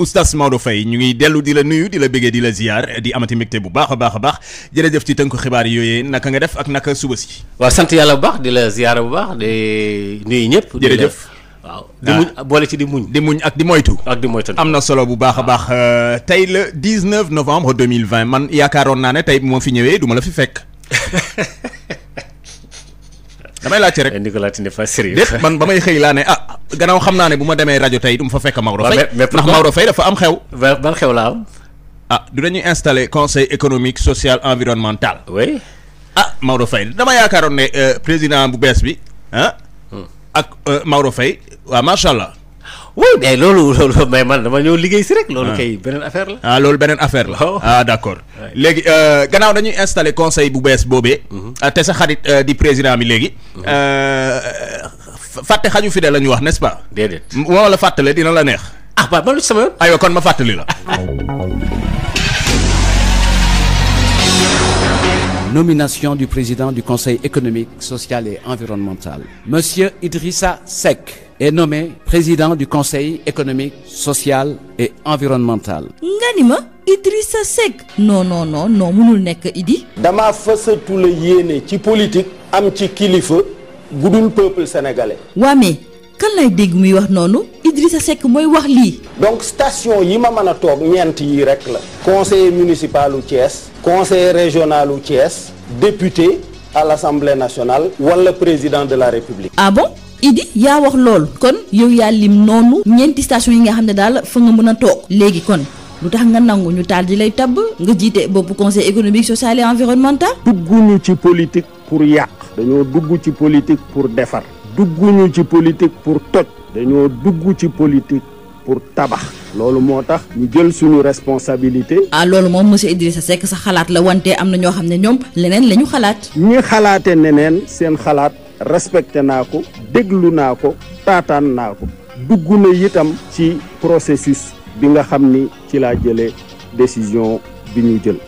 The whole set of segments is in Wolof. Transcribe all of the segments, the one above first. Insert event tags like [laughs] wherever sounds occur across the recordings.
oustaz Maodo Faye ñu ngi dellu di la nuyu di la bëggee di la ziyaar di amati mbégte bu baax a baax a baax jërëjëf ci tënku xibaar yooyee naka nga def ak naka suba si. waa sant yàlla bu baax di la ziyaar bu baax di nuyu ñëpp. jërëjëf waaw di muñ ah. boole ci di muñ. di muñ ak di moytu. ak di moytu am na solo bu baax a baax ah. euh, tey le 19 novembre 2020 man yaakaaroon naa ne tey moo fi ñëwee du ma la fi fekk. [laughs] damay laajte rek eh, Nicolas tu n'es pas sérieux déet man ba may xëy laa ne ah gannaaw xam naa ne bu ma demee rajo tey du ma fa fekk Maodo Faye ndax Maodo Faye dafa am xew ban xew laa am ah du dañuy installer conseil économique social environnemental oui ah Maodo Faye dama yaakaaroon ne euh, président bu bees bi ah hmm. ak euh, Maodo fay waa macha oui loolu loolu mais man dama ñëw liggéey si rek. Ah. loolu kay beneen affaire la. Ah, loolu beneen affaire la. Oh. ah d' accord. léegi euh, gannaaw dañuy installé conseil bu bees boobee. Mhm. Euh, te sa xarit euh, di président bi léegi. Mhm. fàtte xaju fi de la ñu wax n' est ce pas. déedéet la fàttale dina la neex. ah ba ma lu sama yoon. aywa kon ma fàttali la. Nomination du président du Conseil économique, social et environnemental. Monsieur Idrissa Seck. est nommé président du conseil économique social et environnemental. nga ni ma Idrissa Seck. non non non non mënul nekk Idi. dama fësatu la yéene ci politique am ci kilifa gudul peuple sénégalais. waa mais kan lay dégg muy wax noonu Idrissa Seck mooy wax lii. donc station yi ma mën a toog ñeent yi rek la. conseiller municipal u Thiès. conseiller régional u Thiès. député à l'Assemblée nationale. wala président de la République. ah bon. Idi yaa wax lool kon yow yaa lim noonu ñeenti station yi nga xam ne daal fa nga mën a toog léegi kon lu tax nga nangu ñu taal di lay tabb nga jiite boppu conseil économique social et environnemental. dugguñu ci politique pour yàq. dañoo dugg ci politique pour defar. dugguñu ci politique pour toj. dañoo dugg ci politique pour tabax. loolu moo tax ñu jël suñu responsabilité. ah loolu moom monsieur sa sekk sa xalaat la wante am na ñoo xam ne ñoom leneen la ñu xalaat. ñi xalaate neneen seen xalaat. respecté naa ko déglu naa ko taataan naa ko dugg na itam ci processus bi nga xam ni ci laa jëlee décision bi ñuy jël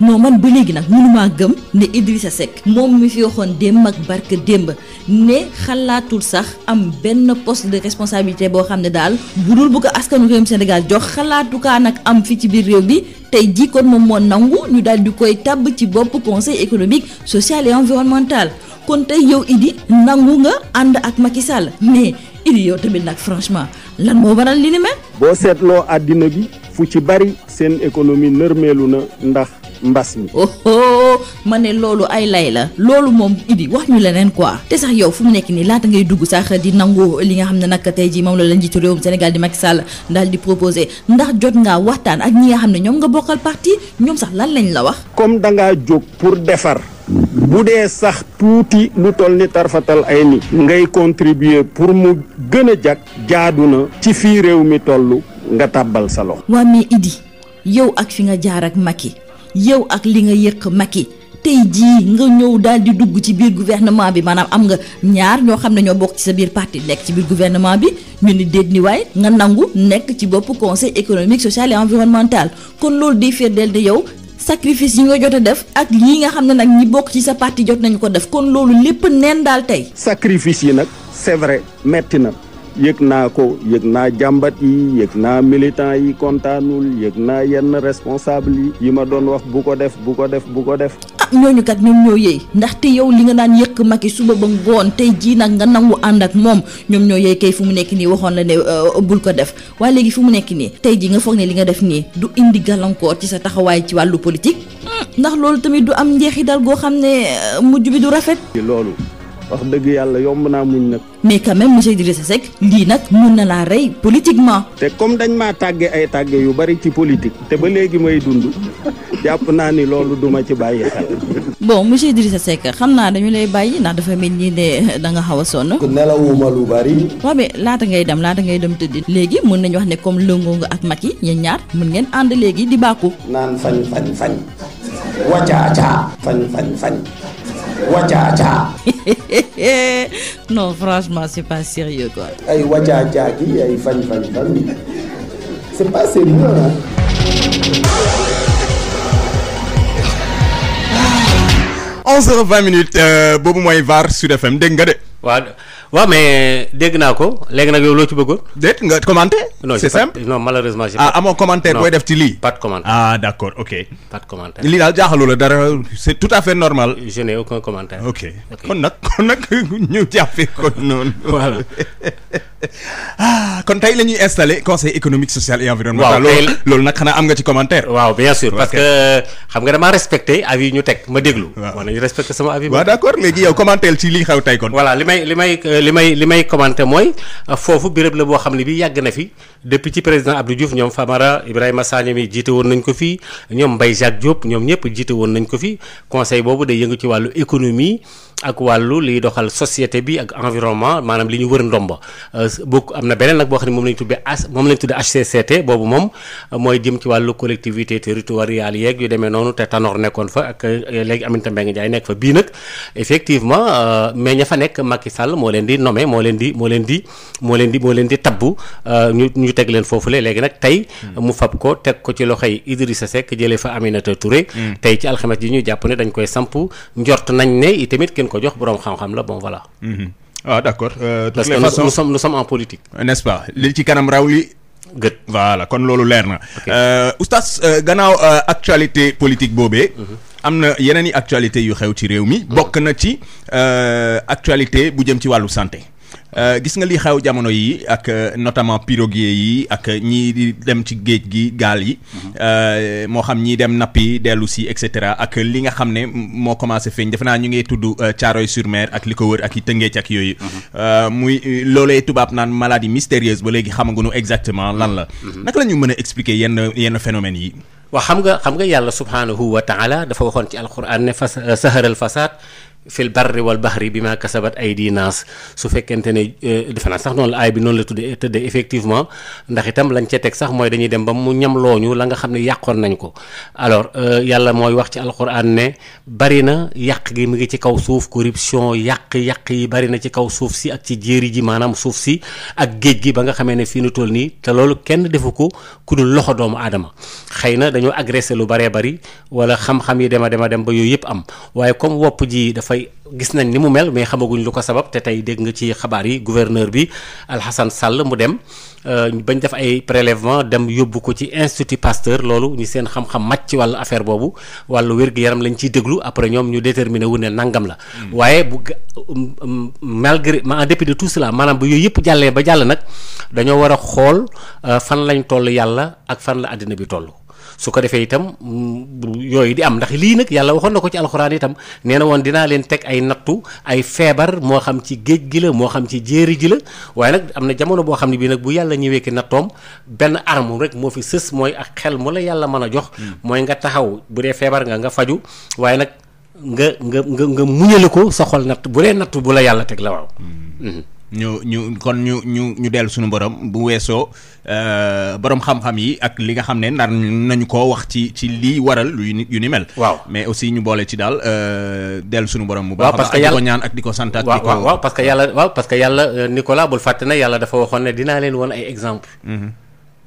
non man ba léegi nag mënumaa gëm ne sa Seck moom mi fi waxoon démb ak barke démb ne xalaatul sax am benn poste de responsabilité boo xam ne daal bu dul bu ko askanu Sénégal jox xalaatukaa nag am fi ci biir réew bi tey jii kon moom moo nangu ñu daal di koy tàbb ci bopp conseil économique social et environnemental kon tey yow Idi nangu nga ànd ak Macky Sall mais Idi yow tamit nag franchement lan moo waral li ni mel. boo seetloo àddina bi fu ci bari seen économie nërmeelu na ndax. mbas mi. ma ne loolu ay lay la loolu moom idi wax ñu leneen quoi te sax yow fu mu nekk nii laata ngay dugg sax di nangu li nga xam ne nag tey jii moom la la njiitu réewum Sénégal di Macky Sall daal di proposé ndax jot ngaa waxtaan ak ñi nga xam ne ñoom nga bokkal parti ñoom sax lan lañ la wax. comme da ngaa jóg pour defar. bu dee sax tuuti lu toll ni tarfatal ay ni ngay contribuer pour mu gën a jag jaadu na ci fii réew mi toll nga tàbbal sa loxo. waa mais idi yow ak fi nga jaar ak yow ak li nga yëq yi tey jii nga ñëw daal di dugg ci biir gouvernement bi maanaam am nga ñaar ñoo xam ne ñoo bokk ci sa biir parti nekk ci biir gouvernement bi ñu ni déet ni waay nga nangu nekk ci boppu conseil économique social et environnemental kon loolu day firndeel de yow sacrifice yi nga jot a def ak yi nga xam ne nag ñi bokk ci sa parti jot nañu ko def kon loolu lépp nen daal tey. sacrifice yi nag c'est vrai metti na. yëg naa ko yëg naa jàmbat yi yëg naa militant yi kontaanul yëg naa yenn responsable yi yi ma doon wax bu ko def bu ko def bu ko def ah ñooñu kat ñoom ñoo yey ndaxte yow li nga daan yëkk Macky suba ba ngoon tey jii nag nga nangu ànd ak moom ñoom ñoo yey kay fu mu nekk nii waxoon la ne euh, bul ko def waaye léegi fu mu nekk nii tey jii nga foog ne li nga def nii du indi gàllankoor ci sa taxawaay ci wàllu politique hmm, ndax loolu tamit du am njeexital goo xam ne euh, mujj bi du rafet loolu wax dëgg yàlla yomb naa muñ nag. mais quand même monsieur Idrissa Seck lii nag mun na laa rey politiquement. te comme dañ ma tàgge ay tàgge yu bari ci politique te ba léegi may dund [laughs] jàpp naa ni loolu duma ci bàyyi xel. bon monsieur sa Seck xam naa dañu lay bàyyi ndax dafa mel ni ne danga nga xaw a sonn. nelawuma lu bari. waaw mais laata ngay dem laata ngay dem tëddi. léegi mun nañu wax ne comme lëngoo nga ak Macky ñeen ñaar mun ngeen ànd léegi di bàkku. naan fañ fañ fañ. wacaaca. fañ fañ fañ. [laughs] non franchement c'est pas sérieux quoi. ay wàccaacaaki ay fañ fañ fañ c'est pas sérieux hein. minutes euh, boobu mooy VAR Sud FM dégg nga de. waaw waaw mais dégg naa ko léegi nag yow loo ci bëggoon. déet nga commenté. c'est simple non malheureusement. ah amoo commentaire booy def ci lii. pas de commentaire ah d'accord ok. lii daal jaaxaloo la dara c'est tout à fait normal. je n'ai aucun commentaire. ok kon nag kon nag [laughs] ñu jàppee ko noonu. voilà. [laughs] [laughs] ah kon tey la ñuy installé conseil économique social et environnemental. waaw loolu loolu nag xanaa am nga ci commentaire. waaw bien sûr parce que xam nga damaa respecté avis yi ñu teg ma déglu. waaw war nañu respecté sama avis. waaw d' accord léegi yow commentaire ci li xew tey kon. voilà li may li may euh, li may li may commenté mooy euh, foofu béréb la boo xam ne bii yàgg na fi. depuis ci président Abdou Diouf ñoom Famara Ibrahima Sagna mi jiite woon nañ ko fii ñoom Mbaye Jacques Diop ñoom ñëpp jiite woon nañ ko fii conseil boobu day yëngu ci wàllu économie ak wàllu liy doxal société bi ak environnement maanaam li ñu wër ndomba euh, bokk am na beneen nag boo xam ne moom lañ tuddee H moom lañ tuddee HCCT boobu moom euh, mooy jëm ci wàllu collectivité territoriale yeeg yu demee noonu te Tanor nekkoon fa ak euh, léegi Aminata Mbengue Ndiaye nekk fa bii nag effectivement mais ña fa nekk Macky Sall moo leen di nommé moo leen di moo leen di moo leen di moo leen di tabbu ñu ñu teg leen foofule léegi nag tey hmm. mu fab ko teg ko ci loxo loxoy Idrissa sekk jëlee fa Aminata Touré hmm. tey ci alxames yi ñu jàpp ne dañ koy samp njort nañ ne i tamit kenn ko jox boroom xam-xam la bon voilà hmm. ah d'accord euh, parce que nous, nous en politique n'est-ce pas li ci kanam raw li gët voilà kon loolu leer na euh, oustaz euh, gannaaw euh, actualité politique boobee mhm. am na yeneen i actualité yu xew ci réew mi mhm. bokk na ci actualité bu jëm ci wàllu santé Euh, gis nga li xew jamono yi ak euh, notamment piroguier yi ak ñii di dem ci géej gi gaal yi mhm. euh, moo xam ñii dem nappi dellu si et cetera ak li nga xam ne moo commencé feeñ defe naa ñu ngee tudd Caaroy sur mer ak li ko wër ak yi tëngeej ak yooyu mhm. muy loolee tubaab naan maladie mystérieuse ba léegi xam nga xamaguñu exactement lan la mhm. naka la ñu mën a expliquer yenn yenn phénomènes yi waaw xam nga xam nga yàlla subhaanahu wa taala dafa waxoon ci alquran ne fas saharal fasad fil barri wal bahri bi ma kasabat ay diinaas su fekkente ne eh, defe naa sax noonu la aay bi noonu la tuddee tëddee effectivement ndaxitam lañ cee teg sax mooy dañuy dem ba mu ñam looñu la nga xam ne yàqoon nañ ko alors euh, yàlla mooy wax ci alxuraan ne bari na yàq gi mu ngi ci kaw suuf corruption yàq yàq yi bari na ci kaw suuf si ak ci jéeri ji maanaam suuf si ak géej gi ba nga xamee ne fii nu toll nii te loolu kenn defu ko ku dul loxo doomu aadama xëy na dañoo agressé lu baree bari wala xam yi dema dema dem ba yooyu yëpp am dafay gis nañ ni mu mel mais xamaguñ lu ko sabab te tey dégg nga ci xabaar yi gouverneur bi Alhassane Sall mu dem euh, bañ def ay prélèvement dem yóbbu ko ci institut Pasteur loolu ñu seen xam-xam màcc ci wàllu affaire boobu wàllu wér-gu-yaram lañ ciy déglu après ñoom ñu déterminé wu ne nangam la. Hmm. waaye bu malgré en dépit de tout cela maanaam bu yooyu yëpp jàllee ba jàll nag dañoo war a xool euh, fan lañ toll yàlla ak fan la àddina bi toll. su ko defee itam mm, yooyu di am ndax lii nag yàlla waxoon na ko ci alxuraan itam nee na woon dinaa leen teg ay nattu ay feebar moo xam ci géej gi la moo xam ci jéeri gi la waaye nag am na jamono boo xam ne bii nag bu yàlla ñëwee ki nattoom benn arme rek moo fi sës mooy ak xel mu la yàlla mën a jox hmm. mooy nga taxaw bu dee feebar nga nga faju waaye nag nga nga nga nga ko sa xol natt bu dee natt bu la yàlla teg la waaw hmm. Hmm. ñu ñu kon ñu ñu ñu dellu suñu borom bu weesoo euh, borom xam-xam yi ak li nga xam ne nar nañu koo wax ci ci lii waral yu ni mel. waaw mais aussi ñu boole ci daal euh, dellu suñu borom. bu baax parce que yàlla di ñaan ak di ko sant ak. di ko parce que yàlla waaw parce que yàlla euh, Nicolas bul fàtte ne yàlla dafa waxoon ne dinaa leen woon ay exemple mhm.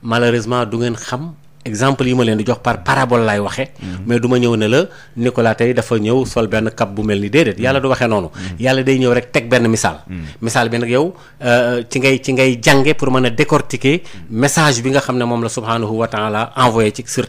malheureusement du ngeen xam. exemple yi ma leen di jox par parabole laay waxee. mais du ma ñëw ne la Nicolas tey dafa ñëw sol benn kap bu mel ni déedéet yàlla du waxee noonu. yàlla day ñëw rek teg benn misaal. misaal bi nag yow euh, ci ngay ci ngay jànge pour mën a décortiquer message bi nga xam ne moom la subhaanahu wa taala envoyé ci sur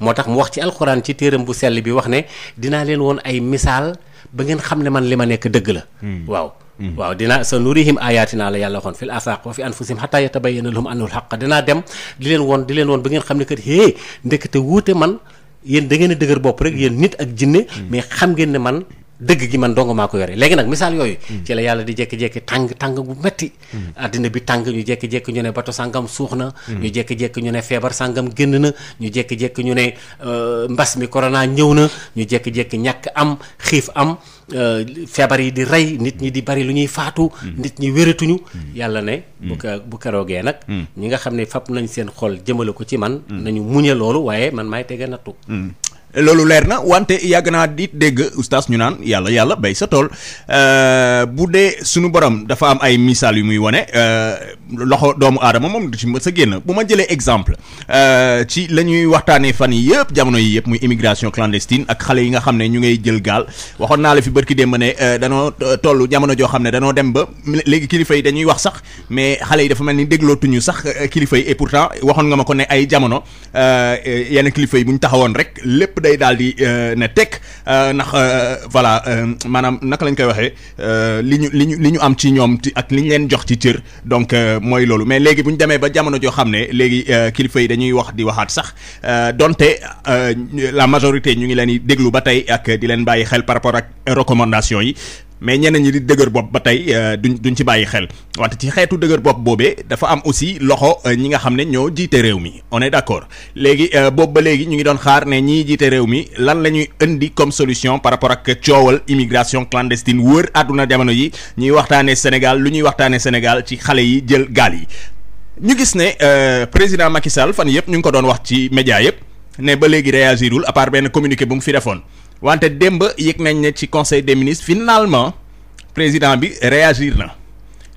moo tax mu wax ci alxuraan ci téeram bu sell bi wax ne dinaa leen woon ay missaal ba ngeen xam ne man li ma nekk dëgg la. Hmm. waaw. Mhm. waaw dinaa sa nurihim ayatina la yàlla waxoon fil afaq wa fi anfusihim hatta yatabayyana lahum annahu alhaq dinaa dem di leen woon di leen woon ba ngeen xam ne kat hee ndekete wuute man yéen da a dëgër bopp rek yéen nit ak jinne mhm. mais xam ngeen ne man dëgg gi man dong maa ko yore léegi nag misaal yooyu hmm. ci la yàlla di jékki-jékki tàng tàng bu metti àddina hmm. bi tàng ñu jékki-jékki ñu ne bato sàngam suux na hmm. ñu jékki-jékki ñu ne feebar sàngam génn na ñu jékki-jékki ñu ne euh, mbas mi corona ñëw na ñu jékki-jékki ñàkk am xiif am euh, feebar yi di rey nit ñi di bari lu ñuy faatu nit ñi wératuñu yàlla ne bu bu keroogee nag ñi nga xam ne fab nañ seen xol jëmale ko ci man nañu muñe loolu waaye man maay tege nattu loolu leer na wante yàgg naa di dégg oustaz ñu naan yàlla yàlla bay sa tool euh, bu dee suñu borom dafa am ay misaal yu muy wane euh, loxo doomu aadama moom du ci mës a génn bu ma jëlee exemple euh, ci la ñuy waxtaanee fan yi yëpp jamono yi yëpp muy immigration clandestine ak xale yi nga xam ne ñu ngay jël gaal waxoon naa la fi bërki démb ne danoo toll jamono joo xam ne danoo dem ba léegi kilifa yi dañuy wax sax mais xale yi dafa mel ni déglootuñu sax kilifa yi et waxoon nga ma ko ne ay jamono yenn kilifa yi bu ñu taxawoon rek lépp lépp day daal di euh, ne tekk euh, ndax euh, voilà maanaam naka lañ koy waxee li ñu li ñu li ñu am ci ñoom ak li ñu leen jox ci cër donc mooy loolu mais léegi bu ñu demee ba jamono joo xam ne léegi kilifa yi dañuy wax di waxaat sax donte la majorité ñu ngi leen di déglu ba tey ak di leen bàyyi xel par rapport ak recommandation yi. mais ñeneen ñi di dëgër bopp ba tey euh, duñ duñ ci bàyyi xel wante ci xeetu dëgër bopp boobee dafa am aussi loxo euh, ñi nga xam ne ñoo jiite réew mi on est d'accord léegi euh, boobu ba léegi ñu ngi doon xaar ne ñii jiite réew mi lan la ñuy indi comme solution par rapport ak coowal immigration clandestine wër àdduna jamono yi ñuy waxtaanee Sénégal lu ñuy waxtaanee Sénégal ci xale yi jël gaal yi ñu gis ne président Macky Sall fan yëpp ñu ngi ko doon wax ci média yëpp ne ba léegi réagirul à part benn communiqué bu mu fi defoon. wante démb yëg nañ ne ci conseil des ministres finalement président bi réagir na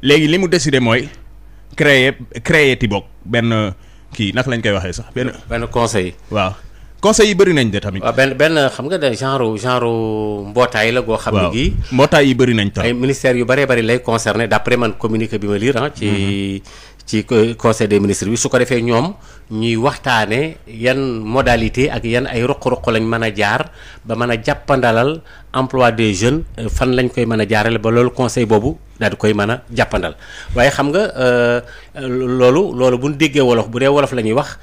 léegi li mu décidé mooy créer créer ti benn kii nag lañ koy waxee sax benn. benn conseil. waaw conseil yi bëri nañ de tamit. waaw benn benn xam nga da genre genre mbootaay la. goo xam ne gii mbootaay yi bari nañ tam. ay ministères yu bëree bëri lay concerné d'après man communiqué bi ma lire ah ci. Mhm. ci conseil des ministres bi su ko defee ñoom ñuy waxtaane yan modalité ak yan ay roq-roq lañ mën a jaar ba mën a jàppandalal emploi des jeunes euh, fan lañ koy mën a jaarale ba loolu conseil boobu daal di koy mën a jàppandal waaye xam nga euh, euh, loolu loolu bu ñu déggee wolof bu dee wolof la ñuy wax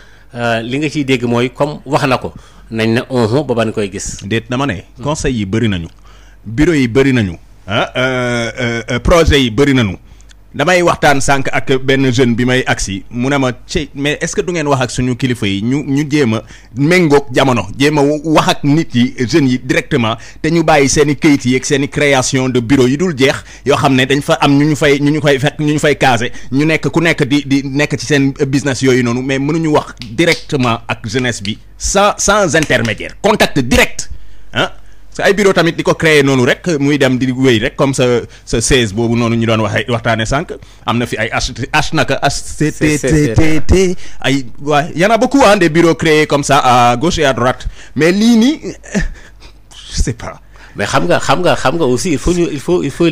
li nga ciy dégg mooy comme wax na ko nañ ne onhon ba ban koy gis déet dama ne conseil yi bëri nañu bureau yi bëri nañu ah projet yi bëri nañu damay waxtaan sànq ak benn jeune bi may agsi mu ne ma ci mais est-ce que du ngeen wax ak suñu kilifa yi ñu ñu jéem a méngoog jamono jéem a wax ak nit yi jeunes yi directement te ñu bàyyi seen i kayit yi ak seen i création de bureau yi dul jeex yoo xam ne dañ fa am ñu ñu fay ñu ñu fay fekk ñu ñu fay casé ñu nekk ku nekk di di nekk ci seen business yooyu noonu mais mënuñu wax directement ak jeunesse bi sans sans intermédiaire contact direct. ay bureau tamit di ko créer noonu rek muy dem di wéy rek comme sa sa boobu noonu ñu doon waxee waxtaane sànq am na fi ay H H naka HCTTT ay waa y en a beaucoup ah des bureaux créés comme ça à gauche et à mais lii nii [laughs] je sais pas mais xam nga xam nga xam nga aussi il faut ñu il faut il faut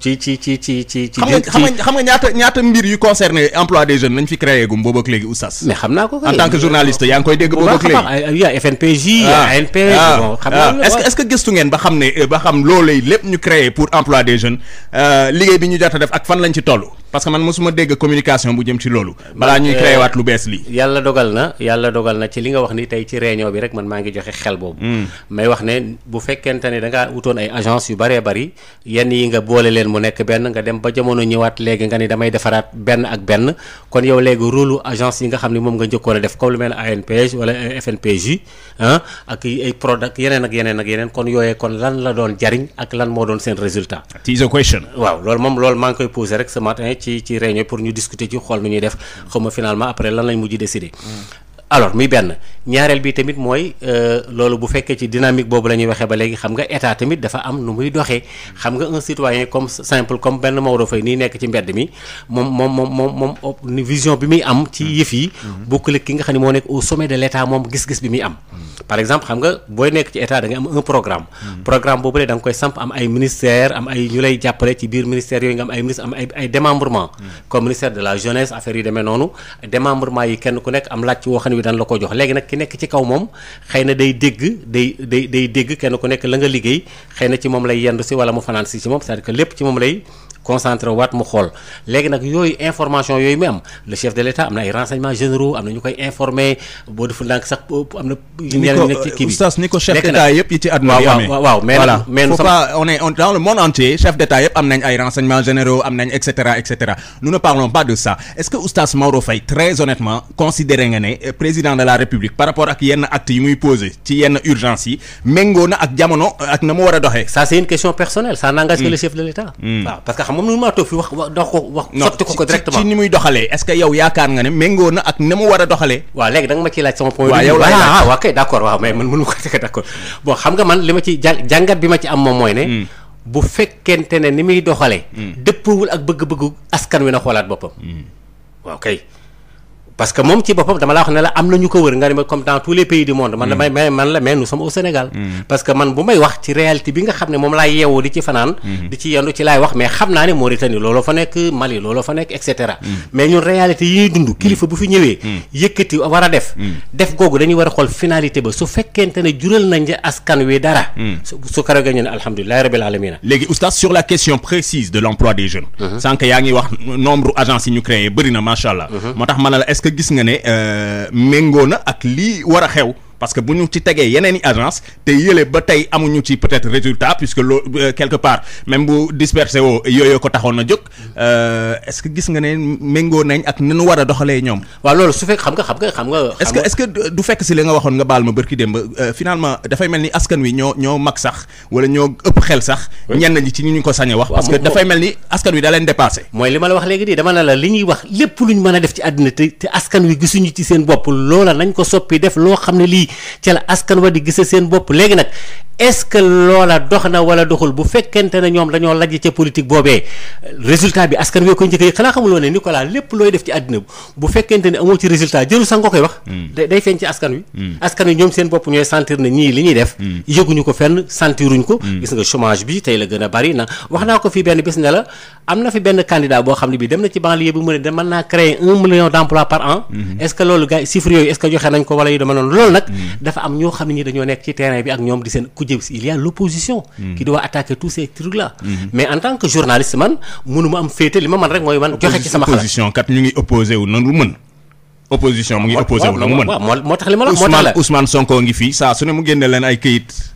ci ci ci ci ci. ci xam nga xam nga ñaata ñaata mbir yu concerné emploi des jeunes lañ fi créé gum boobu ak léegi oustaz. mais xam naa ko en tant que journaliste yaa ngi koy dégg boobu ak léegi. yaa FNPJ. ANP bon ah. est que est-ce ngeen ba xam ne ba xam loolee lépp ñu créé pour emploi des jeunes euh, liggéey bi ñu jot a def ak fan lañ ci toll. parce que man mosuma dégg communication bu jëm ci loolu. balaa ñuy euh, créé waat lu bees lii. yàlla dogal na yàlla dogal na ci li nga wax ni tey ci réunion bi rek man maa ngi joxe xel boobu. Hmm. may wax ne bu fekkente ne da ngaa wutoon ay agence yu bëree bari yenn yi nga boole leen mu nekk benn nga dem ba jamono ñëwaat léegi nga ni damay defaraat benn ak benn kon yow léegi rôle agence yi nga xam ne moom nga njëkkoon a def ko lu mel ne ANPJ wala FNPJ ah ak ay product yeneen ak yeneen ak yeneen kon yooyee kon lan la doon jariñ ak lan moo doon seen résultat. it ci ci réunion pour ñu discuter ci xool nu ñuy def xaw ma après lan lañ mujj décider mm. alors muy benn ñaareel bi tamit mooy euh, loolu bu fekkee ci dynamique boobu la ñuy waxee ba léegi xam nga état tamit dafa am nu muy doxee xam nga un citoyen comme simple comme benn Maodo Faye nii nekk ci mbedd mi moom moom moom moom moom vision bi muy am ci yëf yi mm-hmm. bokkul ak ki nga xam ne moo nekk au sommet de l' état moom gis-gis bi muy am mm-hmm. par exemple xam nga booy nekk ci état da nga am un programme mm-hmm. programme boobu lee da nga koy samp am ay ministère am ay ñu lay jàppale ci biir ministère yooyu nga am ay ministre am ay ay démembrement comme ministère de la jeunesse affaire yi demee noonu démembrement yi kenn ku nekk am laaj ci woo xam ne wi dañ la ko jox léegi nag ki nekk ci kaw moom xëy na day dégg day day day dégg kenn ku nekk la nga liggéey xëy na ci moom lay yendu si wala mu fanaan si ci moom cest que lépp ci moom lay concentré waat mu xool léegi nag yooyu information yooyu mu le chef de l' état am na ay renseignements généraux am na ñu koy informé boo deful ndànk sax am na. ñeneen euh, ñi entier chef d' état am nañ ay renseignements généraux am nañ et cetera et cetera nous pas de ça est ce que oustaz Maodo Faye très honnêtement considéré nga ne euh, président de la république par rapport ak yenn actes yi muy posé ci yenn urgence yi méngoo na ak jamono euh, ak na mu war a doxee. ça est moom nu maa toog fi wax wax ko wax. sotti ko ko directement ci ni muy doxalee est-ce que yow yaakaar nga ne méngoo na ak na mu war a doxalee. waaw léegi da nga ma ciy laaj sama point. waaw yow laay laaj waaw ah, kay d'accord waaw mais man mënu ko teg d'accord bon xam nga man li ma ci jàngat bi ma ci am moom mooy ne. Hmm. bu fekkente ne ni muy doxalee. Hmm. dëppawul ak bëgg-bëggu askan wi na xoolaat boppam. Hmm. waaw kay. parce que moom ci boppam dama laa wax ne la am na ñu ko wër nga ne ma comme dans tous les pays du monde. man damay mm. mais man la mais nous sommes mm. parce que man bu may wax ci réalité bi nga xam ne moom laay yeewoo di ci fanaan. Mm. di ci yendu ci laay wax mais xam naa ne Mauritanie looloo fa nekk Mali looloo fa nekk et cetera. mais ñun réalité yi ñuy dund. kilifa bu fi ñëwee. yëkkati war a def. def googu dañuy war a xool finalité ba su fekkente ne jural nañ askan wi dara. su su ko rëggee ñu ne alhamdulilah rabil aalamiina. léegi oustaz sur la question mm-hmm. na macha allah. Mm-hmm. que gis nga ne euh, méngoo na ak lii war a xew parce que bu ñu ci tegee yeneen i agence te yële ba tey amuñu ci peut-être résultat que loo euh, quelque part même bu dispersé woo yooyu ko taxoon na jóg euh, est-ce que gis nga ne méngoo nañ ak ni nu war a doxalee ñoom. waaw su fekk xam nga xam nga xam nga. est-ce que est-ce que si li nga waxoon nga baal ma bërki démb euh, finalement dafay mel ni askan wi ñoo ñoo mag sax wala ñoo ëpp xel sax. ñenn ñi ci ñu ko sañ wax. parce que dafay mel ni askan wi daleen leen mooy li ma la wax léegi di dama ne la li ñuy wax lépp lu ñu mën a def ci àddina te te askan wi gisuñu ci seen bopp loola nañ ko soppi def loo xam ne lii ca la askan wa di gise seen bopp léegi nag est loola dox na wala doxul bu fekkente ne ñoom dañoo lajj ca politique boobee résultat bi askan wee ko njëkk yi xanaa xamuloo ne Nicolas lépp looy def ci àddina bu fekkente ne amoo ci résultat jëru sax nga koy wax hmm. day feeñ ci askan wi hmm. askan wi ñoom seen bopp ñooy sentir ne ñii li ñuy def hmm. yëguñu ko fenn sentiruñ ko gis nga chômage bi tey la gën a bari na wax naa ko fii benn bis ne am na fi benn candidat dafa am ñoo xam ne ñi dañoo nekk ci terrain bi ak ñoom di seen ku jëm si il y a l'opposition mm. tous ces trucs là mm-hmm. mais en tant que journaliste man mënu ma am féete li ma man rek mooy man joxe ci sama xalaat kat ñu ngi opposé wu noonu mën opposition mu ngi opposé wu mu mën moo tax li ma la moo tax la ngi fii saa su ne mu génne leen ay këyit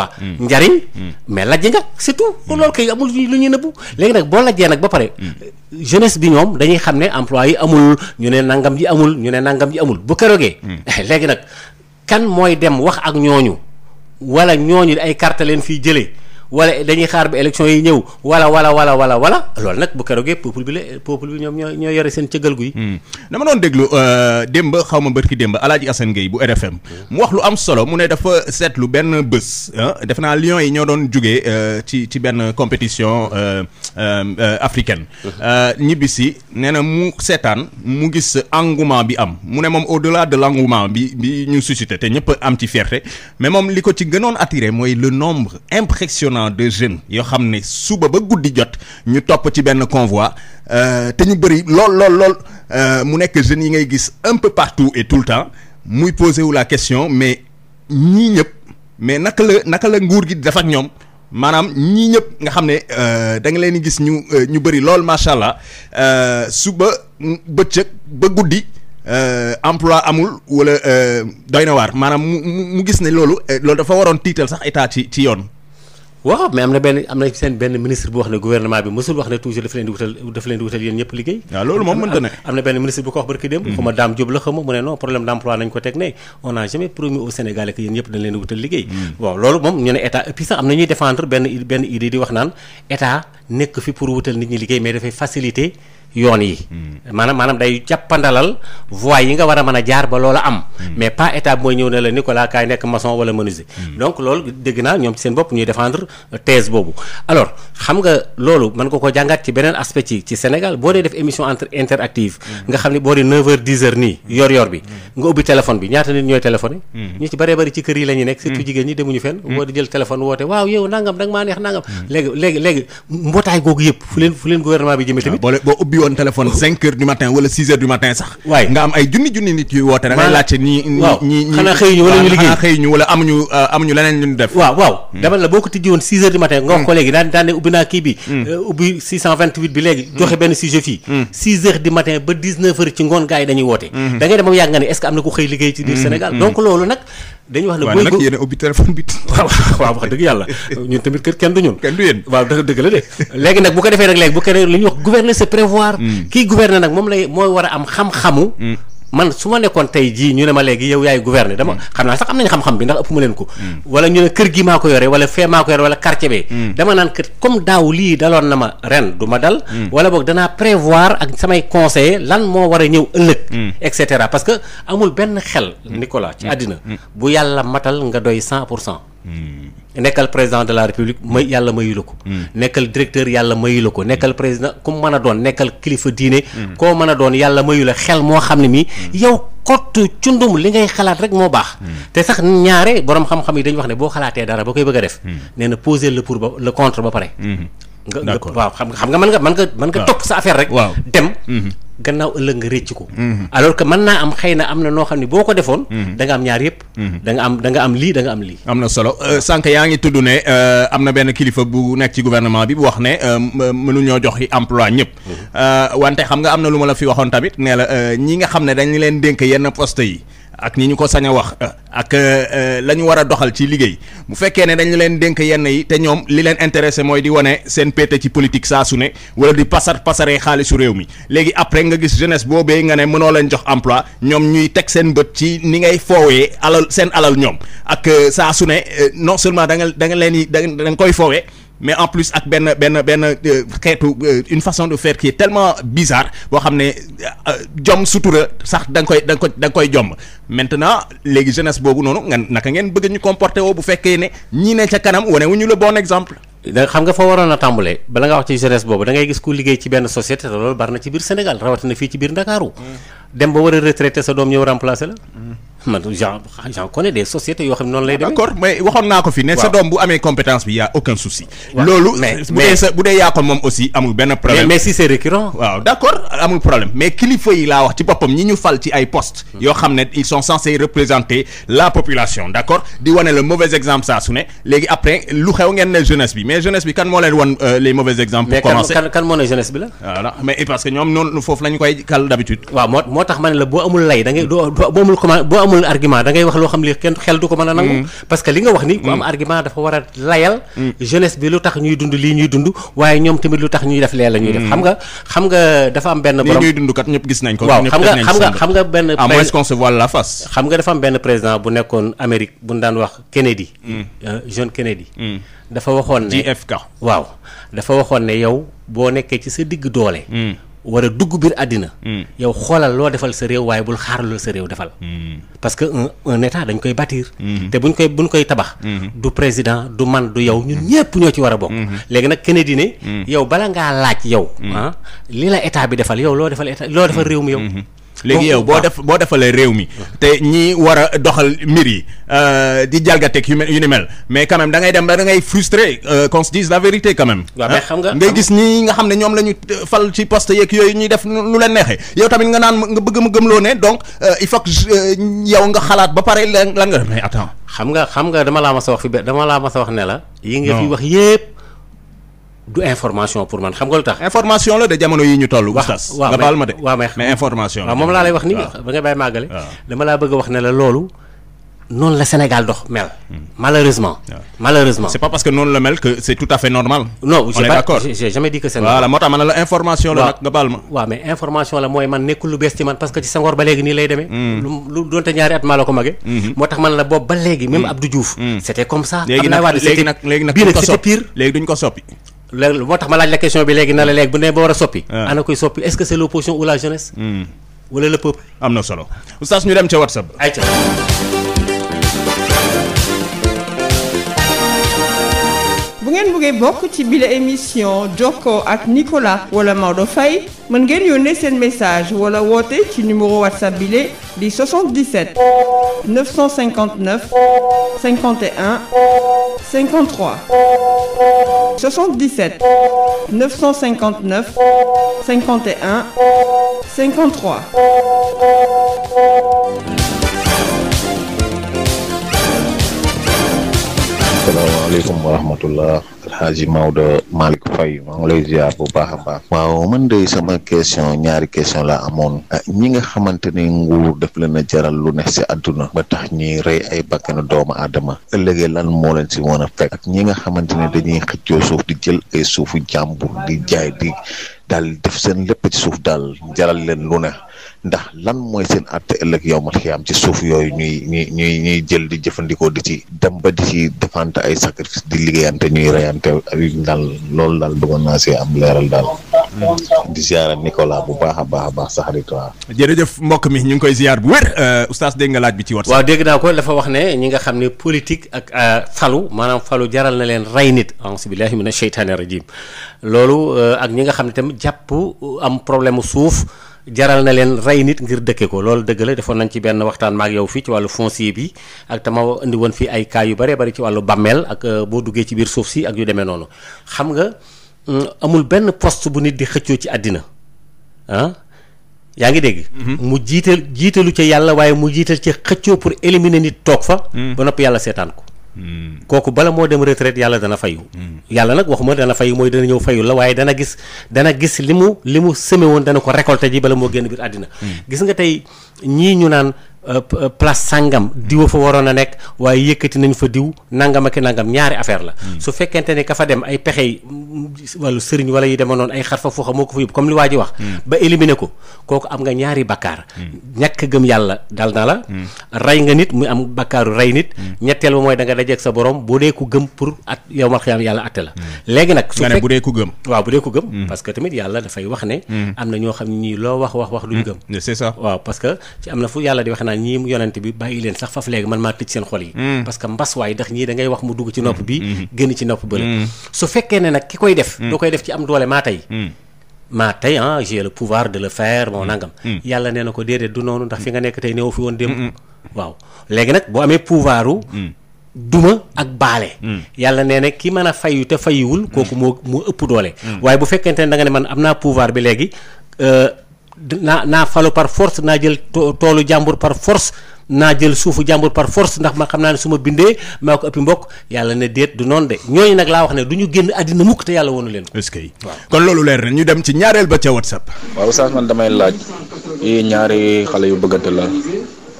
quoi. njariñ. mais lajj nga c'est tout. Mm. loolu kay amul lu ñuy nëbbu léegi nag boo lajjee nag ba pare. Mm. jeunesse bi ñoom dañuy xam ne emploi yi amul ñu ne nangam ji amul ñu ne nangam ji amul bu keroogee. Mm. [laughs] léegi nag kan mooy dem wax ak ñooñu wala ñooñu ay carte leen fii wala dañuy xaar bi élection yi ñëw wala wala wala wala wala loolu nag bu keroogee peuple bi la peuple bi ñoom ñoo ñoo yore seen cëggal guy. Hmm. dama doon déglu euh, démb xaw ma bërki démb Alaaji Assane Gueye bu RFM mu wax lu am solo mu ne dafa seetlu benn bés def naa Lions yi ñoo doon jógee euh, ci ci benn compétition euh, africaine. ñibbisi nee na mu seetaan mu gis engouement bi am mu ne moom au delà de l' bi bi ñu suscité te ñëpp am ci fierté mais moom li ko ci gënoon attiré mooy le nombre impressionnant. an de jeunes yoo xam ne suba ba guddi jot ñu topp ci benn convoie euh, te ñu bëri lool lool lool euh, mu nekk jeunes yi ngay gis un peu partout et tout le temps muy posé wu la question mais ñii ñëpp mais naka la naka la nguur gi def ak ñoom maanaam ñii ñëpp nga xam ne euh, da nga leen di gis ñu ñu bëri lool macha allah suba bëccëg ba guddi. emploi amul wala doy na maanaam mu mu gis ne loolu loolu dafa waroon tiital sax état ci ci yoon waaw mais am na benn am na seen benn ministre bu wax ne gouvernement bi mësul wax ne toujours dafa leen di wutal dafa leen di wutal yéen ñëpp liggéey waaw loolu moom mënta ne mm-hmm. non problème d'emploi mm-hmm. ñu ne état et puis sax am na ñuy défendre benn benn di wax naan état nekk fi pour wutal nit ñi liggéey mais dafay faciliter yoon yi. Hmm. maanaam maanaam day jàppandalal voies yi nga war a mën a jaar ba loola am. Hmm. mais pas état mooy ñëw ne la Nicolas kaay nekk maçon wala menuisier. Hmm. donc loolu dégg naa ñoom ci seen bopp ñuy défendre euh, thèse boobu. alors xam nga loolu mën nga ko jàngat ci beneen aspect ci ci boo dee def émission interactive. nga xam ne boo dee 9h 10 nii yor-yor bi. nga ubbi téléphone bi ñaata nit ñooy téléphoné. ñu ci bëree bëri ci kër yi la nekk. surtout jigéen ñi yoon euh, waaw waaw hmm. la boo ko tijji woon six heures du matin nga wax ko hmm. léegi daan ubbi naa kii bi hmm. euh, ubbi 628 bi léegi joxe benn sujet fii six heures du matin ba dix ci ngoon gars yi dañuy woote da ngay yàgg nga ne est am na ku xëy liggéey ci biir Sénégal donc loolu nag dañu wax ne booy nag yéen a ubbi téléphone bi [laughs] waaw waaw wax dëgg yàlla [laughs] ñun tamit kër kenn du ñun kenn du yéen waaw dëgg dëgg la de léegi nag bu ko defee nag léegi bu ko defee li ñuy wax gouverner c'est prévoir mm. kii gouverner nag moom lay mooy war a am xam-xamu mm. man su ma nekkoon tey jii ñu ne ma léegi yow yaay gouverner dama mm. xam naa sax am nañ xam-xam bi ndax ëpp ma leen ko mm. wala ñu ne kër gi maa ko yore wala fee maa ko yore wala quartier bee mm. dama naan kër comme daaw lii daloon na ma ren du ma dal wala boog danaa prévoir ak samay conseiller lan moo war a ñëw ëllëg et cetera parce que amul benn xel Nicolas ci àddina bu yàlla matal nga doy cent pour cent nekkal président de la république may mm. yàlla mayu la ko mm. nekkal directeur yàlla mayu la ko nekkal mm. président ku man a doon nekkal kilifa diine koo mën a doon yàlla ma la xel moo xam ne mii yow kott cundum li ngay xalaat rek moo baax te sax ñaare borom xam-xam yi dañ wax ne boo xalaatee dara ba koy bëgg a def nee na poser le pour ba le contre ba pare mm-hmm. waaw xam nga xam nga man nga mën nga mën nga topp sa affaire rek dem mm-hmm. gannaaw ëllëg nga récc ko. Mhm. alors que mën naa am xëy na am na noo xam ne boo ko defoon. Mhm. da nga am ñaar yëpp. Mhm. da am danga am lii danga am lii. am na solo euh, sànq yaa ngi tudd ne euh, am na benn kilifa bu nekk ci gouvernement bi bu wax ne euh, mënuñoo jox yi emploi ñëpp. wante xam nga am na lu ma la fi waxoon tamit nee la ñi nga xam ne dañ leen dénk yenn post yi. ak ñi ñu ko sañ a wax euh, ak euh, la ñu war a doxal ci liggéey bu fekkee ne dañu leen dénk yenn yi te ñoom li leen intéressé mooy di wane seen pété ci politique saa su ne wala di pasar pasaree xaalisu réew mi léegi après nga gis jeunesse boobee nga ne mënoo leen jox emploi ñoom ñuy teg seen bët ci ni ngay foowee alal seen alal ñoom ak euh, saa su ne non seulement danga nga da nga leen di da nga koy foowee mais en plus ak benn benn benn euh, xeetu euh, une façon de faire qui est tellement bizarre boo xam ne euh, jom sutura sax da nga koy da nga koy da nga koy jom maintenant léegi jeunesse boobu noonu nga naka ngeen bëgg ñu comporté woo bu fekkee ne ñii ne ca kanam wane wu ñu la bon exemple. da xam nga fa waroon a tàmbalee bala nga wax ci jeunesse boobu da gis ku liggéey ci benn société te loolu bari na ci biir Sénégal rawatina fii ci biir Ndakaaru mm. dem ba war a retraité sa doom ñëw la. Mm. man j'en j'en mais waxoon naa ko fi ne sa doom bu amee compétence bi y aucun souci. loolu bu dee sa bu dee yaa ko moom aussi amul benn problème. mais si c'est récurrent. waaw d'accord amul problème mais kilifa yi laa wax ci boppam ñi ñu fal ci ay postes. Hmm. yoo xam ne ils sont censés représenter la population d'accord di wane le mauvais exemple saa su ne léegi après lu xew ngeen ne jeunesse bi mais jeunesse bi kan moo leen wan euh, les mauvais exemples. pour commencer kan kan amul argument da ngay wax loo xam li kenn xel du ko mën a nangu mm. parce que li nga wax ni ku am mm. argument dafa war a layal mm. jeunesse bi lu tax ñuy dund lii ñuy dund waaye ñoom tamit lu tax ñuy def lee la ñuy def xam nga xam nga dafa am benn borom lii ñuy kat ñëpp gis nañ ko waaw xam nga xam nga xam nga benn à moins qu'on se voile la xam nga dafa am benn président bu nekkoon Amérique bu ñu daan wax Kennedy euh, John Kennedy dafa waxoon ne JFK waaw dafa waxoon ne yow boo nekkee ci sa digg doole war a dugg biir àddina. Hmm. yow xoolal loo defal sa réew waaye bul xaar loo sa réew defal. Hmm. parce que un un dañ koy bâtir. Hmm. te buñ koy buñ koy tabax. du président du man du yow ñun ñëpp ñoo ci war a bokk. léegi nag keneen di ne. yow bala ngaa laaj yow. ah li la état bi defal yow loo defal état loo defal réew mi yow. léegi yow boo ah. def boo defalee réew mi ah. te ñi war a doxal mbir yi euh, di jalgateeg yu yu ni mel mais quand même da ngay dem da ngay frustré euh, qu'on se dise la vérité quand même. Ah. nga ngay gis ñi nga xam ne ñoom la ñu euh, fal ci poste yeeg yooyu ñuy def lu leen neexee yow tamit nga naan nga bëgg ma gëmloo donc il faut que yow nga xalaat ba pare lan nga def mais attends. xam nga xam nga dama laa ma sa wax fi dama laa ma sa wax ne la. yi nga fi wax yépp du information pour man xam nga lu tax. information la de jamono yi ñu toll. oustaz nga baal ma de waaw mais information a wax ne la loolu. noonu la Sénégal dox hmm. la mel que c'est tout à fait normal. non on est mooy man nekkul lu bees ci man parce que ci Senghor ba léegi nii lay demee. Hmm. lu donte ñaari at maa ko magee. Hmm. moo tax man la boobu ba léegi. même Abdou Diouf. c'était comme ça. léegi nag léegi nag léegi nag duñ ko ko soppi. léegi moo tax ma laaj la question bi léegi na la léegi bu ne ba war a soppi. Ah. ana koy soppi est-ce que c'est l'opposition ou la jeunesse. Hmm. wala le peuple. am na solo oustaz ñu dem ca WhatsApp. bu ngeen bëggee bokk ci bile émission jokkoo ak Nicolas wala Maodo fay mën ngeen yónnee seen message wala woote ci numéro whatsapp bile di 77 959 51 53 77 959 51 53 asalaamaaleykum wa rahmatullah alxaaji Maodo Malick Faye maa ngi lay ziar bu baax a baax waaw man de sama question ñaari question la amoon ah, ñi nga xamante ne nguur daf leen a jaral lu ne si àdduna ba tax ñuy rey ay bakkanu doomu aadama ëllëgee lan moo leen si mën a fekk ak ñi nga xamante ne dañuy xëccoo suuf di jël ay suufu jàmbur di jaay di daal def seen lépp ci suuf daal jaral leen lu ne ndax lan mooy seen àtte ëllëg yow mat xiyaam ci suuf yooyu ñuy ñuy ñuy ñuy jël di jëfandikoo di ci dem ba di ci defante ay sacrifice di liggéeyante ñuy reyante daal loolu daal bëggoon naa si am leeral daal. Mm. di ziara Nicolas bu baax a baax sa xarit waaw. jërëjëf mbokk mi ñu ngi koy ziar bu wér euh, oustaz dégg nga ci WhatsApp. waaw dégg naa ko dafa wax ne ñi nga xam ne politique ak euh, falu maanaam falu jaral na leen rey nit. auzu billaahi mina sheytaani rajiim euh, tamit jàpp am problème mu suuf jaral na leen rey nit ngir dëkke ko loolu dëgg la defoon nañ ci benn waxtaan maak yow fii ci wàllu foncier bi ak tama indi woon fii ay kaa yu bëree bëri ci wàllu bàmmeel ak euh, boo duggee ci biir suuf si ak yu demee noonu xam nga mm, amul benn post bu nit di xëccoo ci àddina ah? yaa ngi dégg. Mm-hmm. mu jiital jiitalu ca yàlla waaye mu jiital ci xëccoo pour éliminer nit toog fa. Mm. ba nopp yàlla seetaan ko. kooku bala moo dem retraite yàlla dana fayu yàlla nag waxuma dana fayu mooy dana ñëw fayu la waaye dana gis dana gis li mu li mu semé woon dana ko récolté ji bala moo génn biir àddina hmm. gis nga tey ñii ñu naan Euh, euh, place sangam a fa waroon a nekk waaye yëkkati nañ fa diw nangam ak nangam ñaari affaire la. Hmm. su fekkente ne ka fa dem ay pexe wala sëriñ wala yi dema noonu ay xarfa fooxa moo ko fa yóbbu comme li waa ji wax. Hmm. ba éliminer ko kooku am nga ñaari bakkaar. Hmm. ñàkk gëm yàlla dal na la. rey nga nit muy am bakkaaru rey nit. ñetteel ba mooy da nga dajeeg sa borom bu dee ku gëm pour at yow ma la. léegi nag su fekkee bu dee ku gëm. waaw bu dee ku gëm. parce que tamit yàlla dafay wax ne. am na ñoo xam ñii loo wax wax wax duñ gëm. waaw parce que ci am na fu yàlla naa ñii mu yonante bi bàyyi leen sax faf léegi man maa tëj seen xol yi hmm. parce mbas waay ndax ñii da ngay wax mu dugg ci nopp bi hmm. Hmm. génn ci nopp bële su fekkee ne nag ki koy def a fayu kooku moo ëpp doole waaye bu fekkente ne da ne man am naa pouvoir bi léegi euh, naa naa falu par force naa jël toolu jàmbur par force naa jël suufu jàmbur par force ndax ma xam naa ne su ma bindee maa ko ëppi mbokk yàlla ne déet du noon de ñooñu nag laa wax ne du ñu génn àddina mukk te yàlla wonu leen ko. est-ce que kon loolu leer na ñu dem ci ñaareel ba ca WhatsApp. waaw oustaz man damay laaj yii ñaari xale yu bëggante la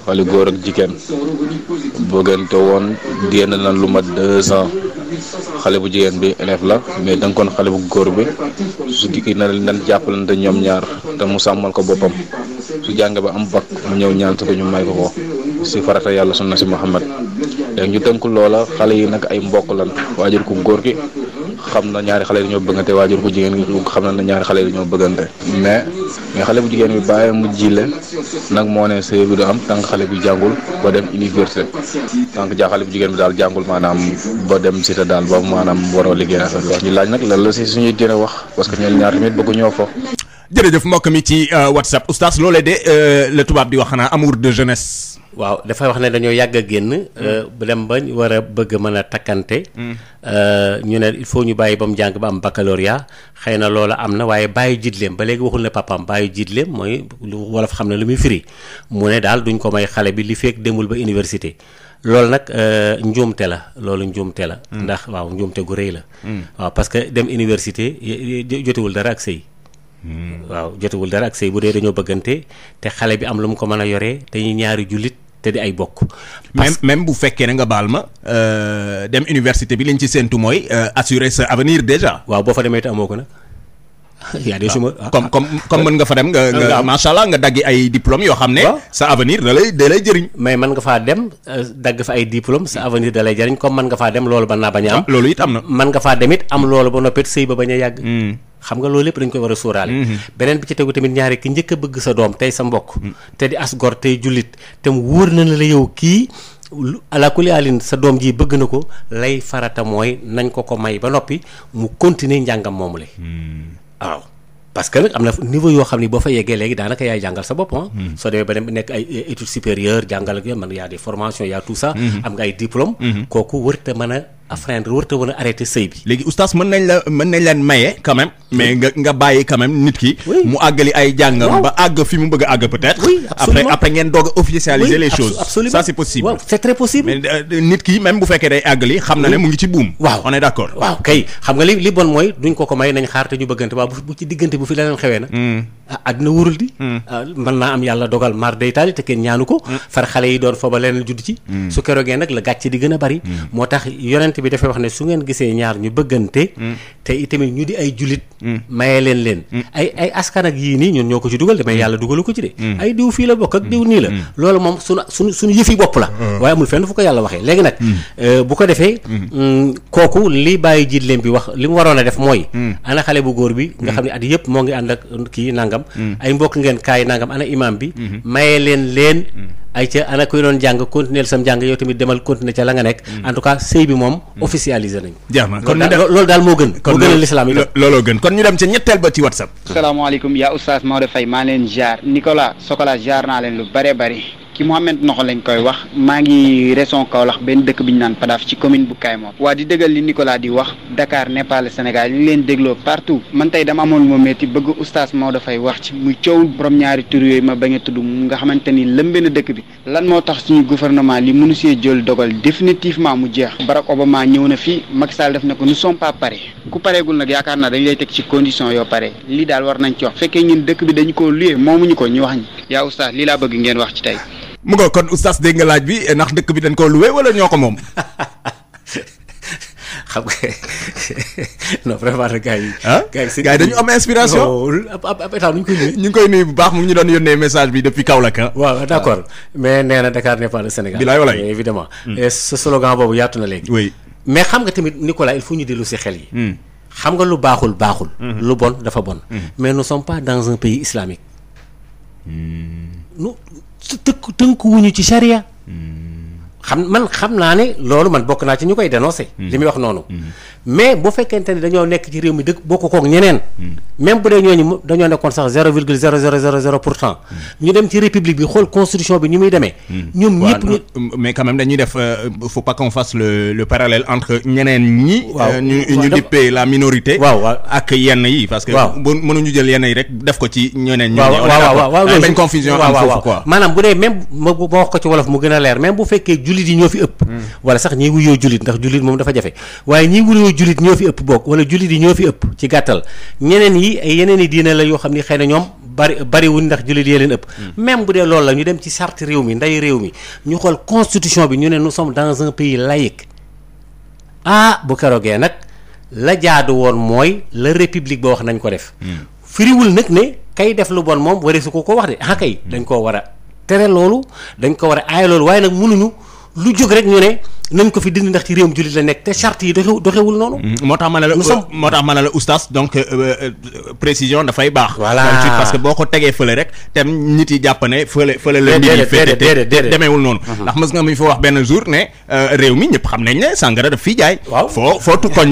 xale góor ak jigéen bëggante woon génn na lu mat deux ans. xale bu jigéen bi élève la mais da nga xale bu góor bi su dikki na leen jàppalante ñoom ñaar te mu sàmmal ko boppam su jàng ba am bac mu ñëw ñaan si ko ñu may ko ko si farata yàlla sunna si Muhammad léegi ñu tënk loola xale yi nag ay mbokk lan waajur ku góor gi xam na ñaari xale yi dañoo bëggante waajur bu jigéen gi xam mais mais xale bu jigéen bi bàyyi mu jile nag moo ne sëy bi du am tànk xale bi jàngul ba dem université tànk jaa xale bu jigéen bi daal jàngul maanaam ba dem si te daal ba maanaam waroo liggéey affaire wax ñu laaj nag lan la si suñuy dina wax parce que ñoom ñaar tamit bëggu ñoo fo jërëjëf mbokk mi ci euh, whatsapp oustaz loolee de euh, le tubaab di wax xanaa amour de jeunesse waaw dafay wax ne dañoo yàgg a génn. Mm. Euh, dem ba ñu war a bëgg mën a takkante. Mm. Euh, ñu ne il faut ñu bàyyi ba mu jàng ba am baccalauréat xëy na loola am na waaye bàyyi jiitleem ba léegi waxul ne papaam bàyyi jiitleem mooy lu wolof xam ne lu muy firi mu ne daal duñ ko may xale bi li fekk demul ba université. loolu nag euh, njuumte la loolu njuumte la. Mm. ndax waaw njuumte gu rëy la. waaw parce que dem université jotewul dara ak sëy waaw jotewul dara ak sëy bu dee dañoo bëggante te xale bi am lu mu ko mën a yoree dañuy ñaari jullit te di ay bokk. même même bu fekkee ne nga baal ma euh, dem université bi lañ ci séentu mooy euh, assurer sa avenir déjà. waaw boo fa demee te amoo ko nag. [laughs] y a des chemins ah, ah. comme comme mën nga fa dem nga nga allah nga dagg ay diplome yoo xam ne. sa avenir da lay da lay jëriñ. mais mën nga faa dem euh, dagg fa ay diplômes sa avenir da lay comme mën nga faa dem loolu mën naa bañ am. Ah, loolu it am na mën faa dem am loolu ba noppi sëy ba bañ a yàgg. Hmm. xam nga loolu lépp dañ koy war a sóoraale mm-hmm. beneen bi ci tegu tamit ñaare ki njëkk bëgg sa doom tey sa mbokk te di as gor tey jullit te mu wóor na la yow kii alakuli sa doom ji bëgg na ko lay farata mooy nañ ko ko may ba noppi mu continuer njàngam moomu la mm-hmm. waaw parce que nag am na niveau yoo xam ni boo fa yeggee léegi daanaka yaay jàngal sa bopp ah. mm-hmm. soo demee ba nekk ay études supérieures jàngal ak yow man y a des formations y a tout ça. am nga ay diplômes. kooku wërta mën a. affreindre warut a ba àgg fi mu bëgg a àgg peut-être. après après ngeen doog a officialiser les choses. ça c'est possible. waaw c'est très possible. mais euh, nit ki waaw kay xam nga li bon mooy duñ ko may nañ xaar te ñu bëggante waaw bu ci diggante bu fi leneen xewee na. Hmm. Ah, àddina wurul di. Hmm. Ah, mën naa am yàlla dogal mar day taali te kenn ñaanu ko. Hmm. far xale yi doon fooba leneen judd ci. su keroogee nag la gàcce di gën a bari moo tax yonent bi dafay wax ne su ngeen gisee ñaar ñu bëggante mm. te itamit ñu di ay julit mm. maye leen leen mm. ay ay askan ak yii nii ñun ñoo ko ci dugal de yàlla dugalu ko ci de ay diw fii la bokk ak diw nii la loolu moom sunu su suñu yëfi bopp la waaye amul fenn fu ko yàlla waxee léegi nag euh, bu ko defee kooku li bàyyi jiit leen bi wax li mu waroon a def mooy ana xale bu góor bi nga xam ne at yëpp moo ngi ànd ak kii nangam ay mbokk ngeen kaay nangam ana imam bi mm-hmm. maye leen ay ca ana kuy doon jàng continuer sam jàng yow tamit demal continuer ca la nga nekk. Hmm. en tout cas sëy bi moom. Hmm. officialisé nañu. jeex kon ñu dem loolu daal moo gën. kon moo gënal lislaam yi looloo gën kon ñu dem ca ñetteel ba ci whatsapp. salaamaaleykum yaa oustaz Maodo Faye maa leen jaar Nicolas Sokola jaar naa leen lu bare bare ki Mouhamed Noxo lañ koy wax maa ngi région Kaolack benn dëkk bi ñu naan Padaf ci commune bu Kayemor waa di dëggal li Nicolas di wax Dakar Népal Sénégal ñu leen dégloo partout man tey dama amoon lu ma métti bëgg oustaz Maodo Faye wax ci muy coow borom ñaari tur yooyu ma a tudd nga xamante ni lëmbe na dëkk bi lan moo tax suñu gouvernement li mënu see jël dogal définitivement mu jeex Barack Obama ñëw na fii Macky Sall def na ko nous sommes pas parés ku pareegul nag yaakaar naa dañ lay teg ci condition yoo pare lii daal war nañ ci wax fekkee ñun dëkk bi dañu ko luyee moomuñu ko ñu wax ñi yaa oustaz lii laa bëgg ngeen wax ci tey mu nga kon oustaz dégg nga laaj bi eh, ndax dëkk bi dañ ko luwe wala ñoo ko moom. [laughs] xam nga [laughs] non vraiment nag yi. ah gars am inspiration. ab ab ab état ñu koy nuyu. bu baax mu ñu doon yónnee message bi depuis Kaolack ah. waaw d' mais nee na Dakar n' est pas le Sénégal. bilaay walaay hmm. slogan boobu yaatu na léegi. mais xam nga tamit Nicolas il faut ñu dellu si xel yi. Hmm. xam nga lu baaxul baaxul. Hmm. lu bon dafa bon. mais nous sommes pas dans un pays islamique. tënk tënk wuñu ci charia hmm. xam man xam naa ne loolu man bokk naa ci ñu koy dénoncé. Mm-hmm. li muy wax noonu. Mm-hmm. mais bu fekkente ne dañoo nekk ci réew mi dëkk bokk kook ñeneen. Mm-hmm. même bu dee ñooñu dañoo nekkoon sax zéro virgule zéro zéro zéro pour cent. ñu dem ci république bi xool constitution bi ñu muy demee. ñoom ñëpp ñu mm, mais quand même dañuy def euh, faut pas qu'on fasse le le entre ñeneen ñi. waaw euh, ñu ñu dippee la minorité. waaw waaw ak yenn yi. parce que bu mënuñu jël yenn yi rek def ko ci ñeneen. waaw waaw waaw waaw waaw waaw waaw waaw jullit yi ñoo fi ëpp hmm. wala sax ñiy wuyoo jullit ndax jullit moom dafa jafe waaye ñiy wuyoo jullit ñoo fi ëpp bokk wala jullit yi ñoo fi ëpp ci gàttal ñeneen yi yeneen yi la yoo xam ni xëy na ñoom bari bariwuñ ndax jullit yee leen ëpp hmm. même bu dee loolu la ñu dem ci charte réew mi nday réew mi ñu xool constitution bi ñu ne nous sommes dans un pays laïque ah bu keroogee nag la jaadu woon mooy la république ba wax nañ ko def hmm. firiwul nag ne kay def lu bon moom wari su ko ko wax de ah dañ koo war lu jóg rek ñu nañ ko fi dindi ndax ci réewum jullit la nekk te charte yi doxew doxewul noonu. Mm-hmm. moo jàpp ne fële fële la. déedéet déedéet mm-hmm. ndax mës nga mi fa wax euh, mi ñëpp xam nañ ne sàngara fii jaay. waaw foo foo koñ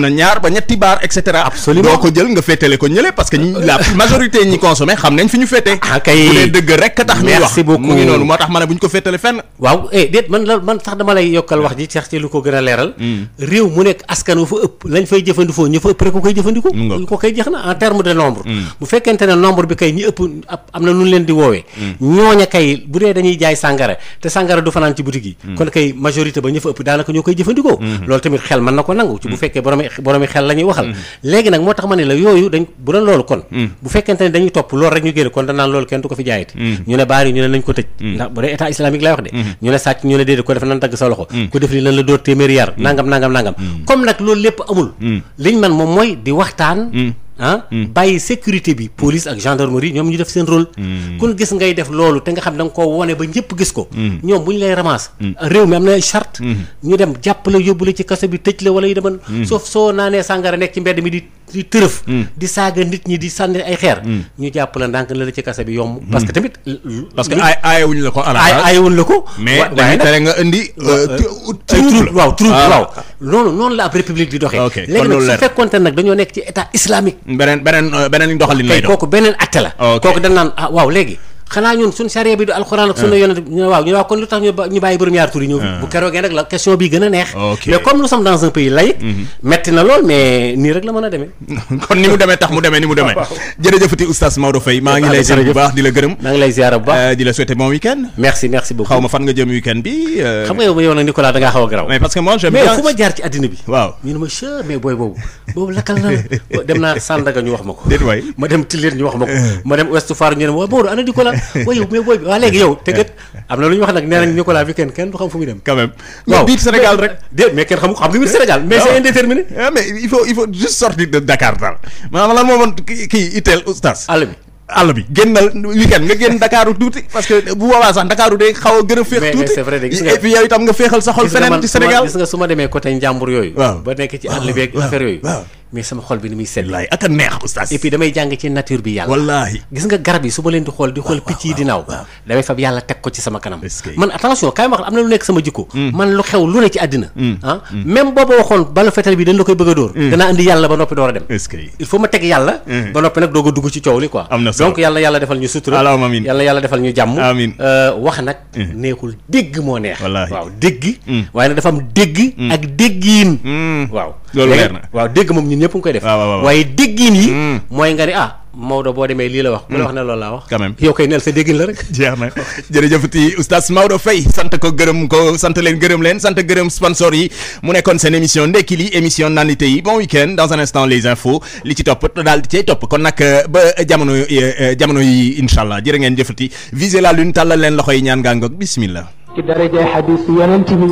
na ñaar ba ñetti baar et cetera. absolument doo ko jël ko ñële parce que la majorité ñi ñu féete. ah kay bu dee mu moo tax ma ne bu ñu ko féetale fenn. waaw eh déet man la man sax dama lay lay yokkal wax a kon kay majorité ba ñu fa ëpp daanaka ñoo koy jëfandikoo mm. loolu tamit xel mën na ko nangu ci bu mm. fekkee boroomi xel la waxal mm. léegi nag moo tax ma ne la yooyu dañ bu doon loolu kon bu fekkente ne dañuy topp loolu rek ñu génn kon danaan loolu kenn du ko fi jaayati ñu ne baar ñu ne nañ ko tëj ndax bu dee état islamique lay wax de ñu ne sàcc ñu ne déedéet ko def nan dagg sa loxo mm. ku def li lan la door téeméeri yar mm. nangam nangam nangam mm. comme nag loolu lépp amul liñ man moom mooy di waxtaan ah bàyyi sécurité bi police ak gendarmerie ñoom ñu def seen rôle kun gis ngay def loolu te nga xam da ko wone ba ñëpp gis ko ñoom bu ñu lay ramasse réew mi am na charte ñu dem jàpp la yóbbu la ci kaso bi tëj la wala yu deman sauf soo naanee sàngara nekk ci mbedd mi di di tërëf. Mm. di saaga nit ñi di sànni ay xeer. Mm. ñu jàpp la ndànk la la ci kase bi yomb. Mm. parce que tamit. parce que ay aayewuñ la ko. alaakaar ay aayewuñ la ko. mais dañuy nga indi. Euh, euh, euh, trouble waaw trouble ah. waaw. loolu noonu la ab république di doxee. Ah, ok léegi nag su fekkoonte nag dañoo nekk ci état islamique. beneen beneen beneen doxalin lay dox kooku beneen acte la. kooku dañ naan ah waaw léegi xanaa ñun suñ sariya bi du alxuraan ak sunna ah. yonent ñu waaw ñu ne waaw kon lu tax ñu bàyyi borom ñaar tur ma ñu wax ma ko ma dem Tilène ñu wax ma ko [laughs] ma dem Ouest Foire ñu ne ma Maodo ana Nicolas wayu mais booy bi waaw léegi yow te kat am na lu ñu wax nag nee nañ Nicolas Vickery kenn du xam fu muy dem quand même waaw biir Sénégal rek déet ah, il faut il faut juste sortir de Dakar daal maanaam lan moo woon kii itteel oustaz àll bi àll bi génnal weekend nga génn Dakaaru tuuti parce que bu boobaa sax Dakaaru day xaw a gën a féex tuuti c'est nga et puis yow itam nga féexal sa xol Sénégal gis nga su ma demee côté njàmbur yooyu waaw ba nekk ci àll bi ak affaire mais sama xol bi ni muy sedd. wallaahi ak a neex oustaz. et puis damay jàng ci nature bi yàlla. wallaahi gis nga garab yi su ma leen di xool di xool picc yi di naaw. damay fab yàlla teg ko ci sama kanam. man attention kaay ma nekk sama jikko. Hmm. man lu xew lu ne ci àddina. Hmm. ah hmm. même waxoon balu fetal bi la koy bëgg a dóor. danaa indi yàlla ba noppi door a dem. il faut ma teg yàlla. ba noppi nag doog a dugg ci coow li quoi. am yàlla yàlla defal ñu sutura. Euh, wax nag. neexul dégg moo neex. waaw dégg. waaye nag dafa dégg. ñëpp nga koy def ah, waaye déggin yi hmm. mooy nga ne ah Maodo boo demee lii la wax ku la hmm. wax ne loolu laa wax quand même nel sa déggin la rek [laughs] jeex na jërëjëfati oustaz Maodo Faye sant ko gërëm ko sant leen gërëm leen sant gërëm sponsor yi mu nekkoon seen émission ndekki li émission naanite yi bon week-end dans un instant les infos li ci topp daal di cay topp kon nag euh, ba jamono euh, euh, yi incha allah jërë ngeen jëfati visez la lune tàllal leen loxo yi ñaan ngaa ngoog bismillah ci darajay xadis yonent bi